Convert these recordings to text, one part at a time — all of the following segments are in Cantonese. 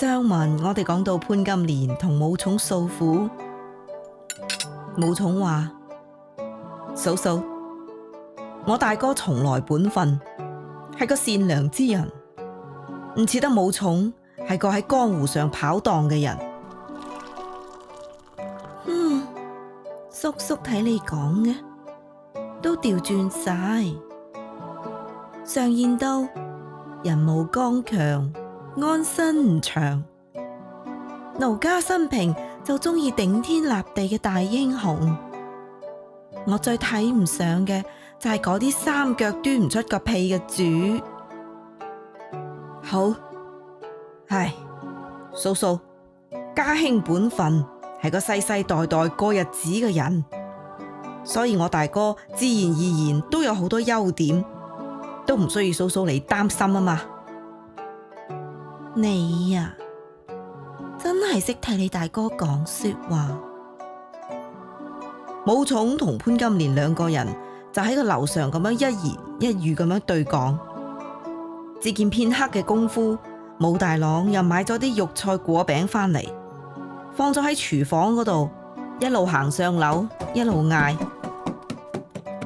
相聞我哋講到潘金蓮同武松訴苦，武松話：嫂嫂，我大哥從來本分，係個善良之人，唔似得武松係個喺江湖上跑蕩嘅人。嗯，叔叔睇你講嘅都調轉晒，常言道，人無剛強，安身唔長，奴家生平就中意頂天立地嘅大英雄。我最睇唔上嘅就係嗰啲三腳端唔出個屁嘅主。好，唉，嫂嫂，家興本分係個世世代代過日子嘅人，所以我大哥自然而然都有好多優點，都唔需要嫂嫂嚟擔心啊嘛。你呀、啊，真係識替你大哥講說話。武松同潘金蓮兩個人就喺個樓上咁樣一言一語咁樣對講。只見片刻嘅功夫，武大郎又買咗啲肉菜果餅翻嚟，放咗喺廚房嗰度，一路行上樓，一路嗌：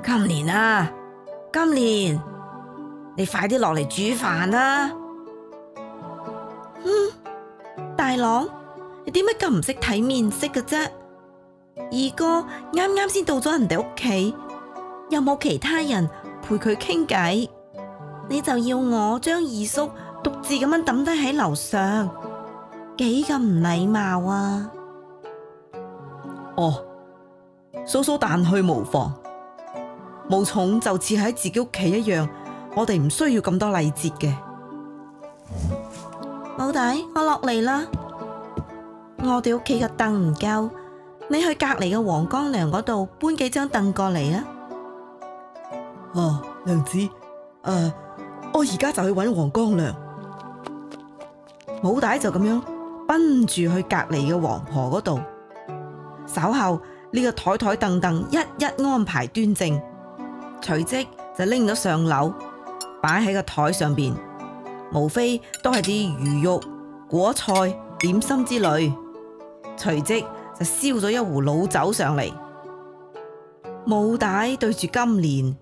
金蓮啊，金蓮你快啲落嚟煮飯啦、啊！郎，你點解咁唔識睇面色嘅啫？二哥啱啱先到咗人哋屋企，又冇其他人陪佢傾偈，你就要我將二叔獨自咁樣抌低喺樓上，幾咁唔禮貌啊！哦，嫂嫂但去無妨，無重就似喺自己屋企一樣，我哋唔需要咁多禮節嘅。老弟，我落嚟啦。我哋屋企嘅凳唔夠，你去隔籬嘅王乾娘嗰度搬幾張凳過嚟啊！哦，娘子，誒、呃，我而家就去搵王乾娘。武大就咁樣奔住去隔籬嘅王婆嗰度，稍後呢、這個台台凳凳一一安排端正，隨即就拎咗上樓，擺喺個台上邊，無非都係啲魚肉、果菜、點心之類。隨即就燒咗一壺老酒上嚟，武大對住金蓮，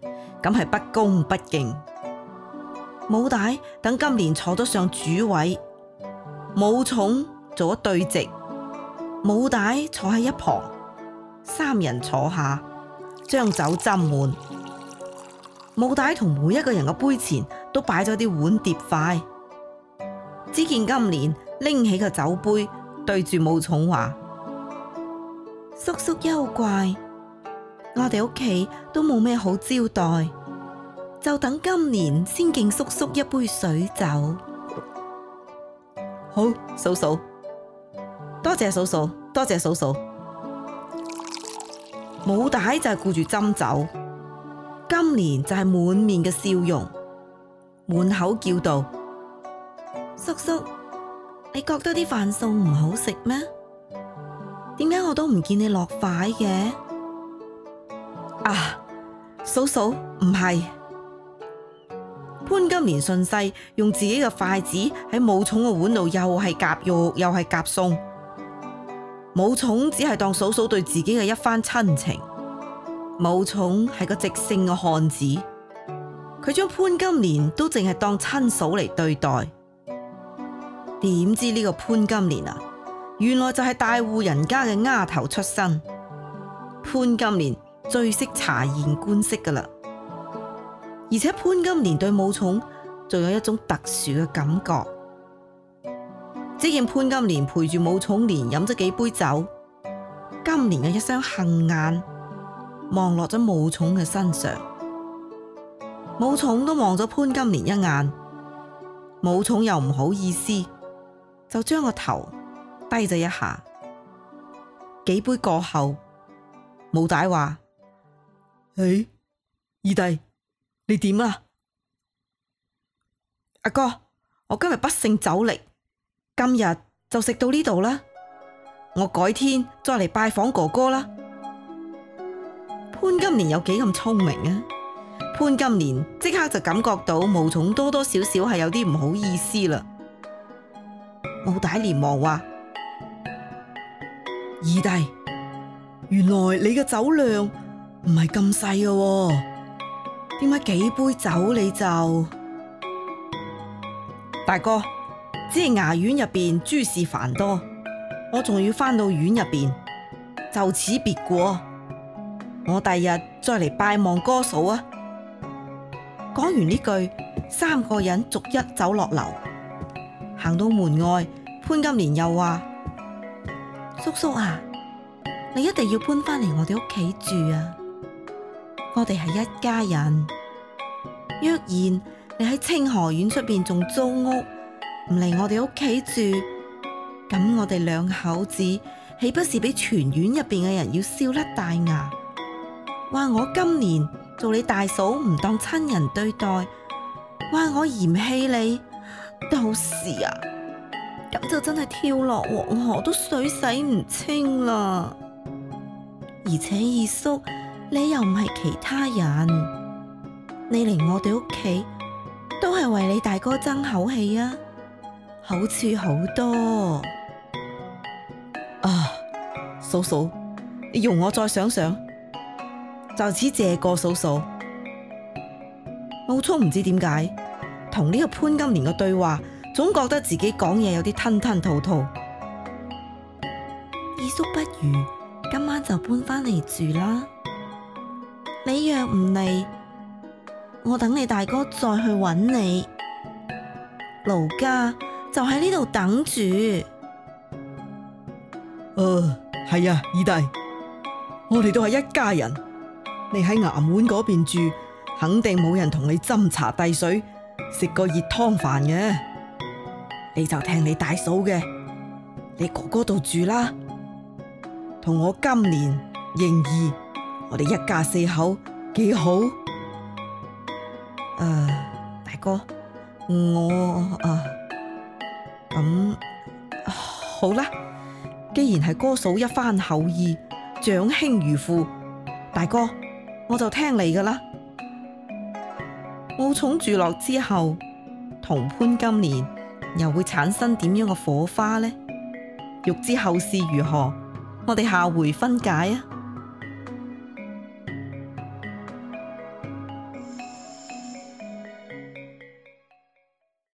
咁係不恭不敬。武大等金蓮坐咗上主位，武松做咗對席，武大坐喺一旁，三人坐下將酒斟滿。武大同每一個人嘅杯前都擺咗啲碗碟筷。只見金蓮拎起個酒杯，對住武松話：叔叔休怪，我哋屋企都冇咩好招待，就等金蓮先敬叔叔一杯水酒。好，嫂嫂，多謝嫂嫂，多謝嫂嫂。武大就係顧住斟酒，金蓮就係滿面嘅笑容，滿口叫道：叔叔。你覺得啲飯餸唔好食咩？點解我都唔見你落筷嘅？啊，嫂嫂，唔係。潘金蓮順勢用自己嘅筷子喺武松嘅碗度又係夾肉又係夾餸，武松只係當嫂嫂對自己嘅一番親情。武松係個直性嘅漢子，佢將潘金蓮都淨係當親嫂嚟對待。點知呢個潘金蓮啊，原來就係大戶人家嘅丫頭出身。潘金蓮最識察言觀色噶啦，而且潘金蓮對武松仲有一種特殊嘅感覺。只見潘金蓮陪住武松，連飲咗幾杯酒。金蓮嘅一雙杏眼望落咗武松嘅身上，武松都望咗潘金蓮一眼，武松又唔好意思。就將個頭低咗一下，幾杯過後，武大話：唉、欸，二弟，你點啊？阿哥，我今日不勝酒力，今日就食到呢度啦，我改天再嚟拜訪哥哥啦。潘金蓮有幾咁聰明啊？潘金蓮即刻就感覺到武松多多少少係有啲唔好意思啦。老大連忙話：二弟，原來你嘅酒量唔係咁細嘅，點解幾杯酒你就？大哥，只係衙院入邊諸事繁多，我仲要翻到院入邊，就此別過，我第日再嚟拜望哥嫂啊！講完呢句，三個人逐一走落樓。行到門外，潘金蓮又話：叔叔啊，你一定要搬翻嚟我哋屋企住啊！我哋係一家人。若然你喺清河縣出邊仲租屋，唔嚟我哋屋企住，咁我哋兩口子豈不是俾全縣入邊嘅人要笑甩大牙？話我今年做你大嫂唔當親人對待，話我嫌棄你。到時啊，咁就真係跳落黃河都水洗唔清啦！而且二叔，你又唔係其他人，你嚟我哋屋企都係為你大哥爭口氣啊，好處好多啊！嫂嫂，你容我再想想，就此謝過嫂嫂，我初唔知點解。同呢個潘金蓮嘅對話，總覺得自己講嘢有啲吞吞吐吐。二叔不如今晚就搬翻嚟住啦。你若唔嚟，我等你大哥再去搵你。奴家就喺呢度等住。誒、呃，係啊，二弟，我哋都係一家人，你喺衙門嗰邊住，肯定冇人同你斟茶遞水。食個熱湯飯嘅，你就聽你大嫂嘅，你哥哥度住啦，同我今年迎兒，我哋一家四口幾好。誒、啊，大哥，我啊咁、嗯啊、好啦，既然係哥嫂一番厚意，長兄如父，大哥我就聽你噶啦。武松住落之後，同潘金蓮又會產生點樣嘅火花呢？欲知後事如何，我哋下回分解啊！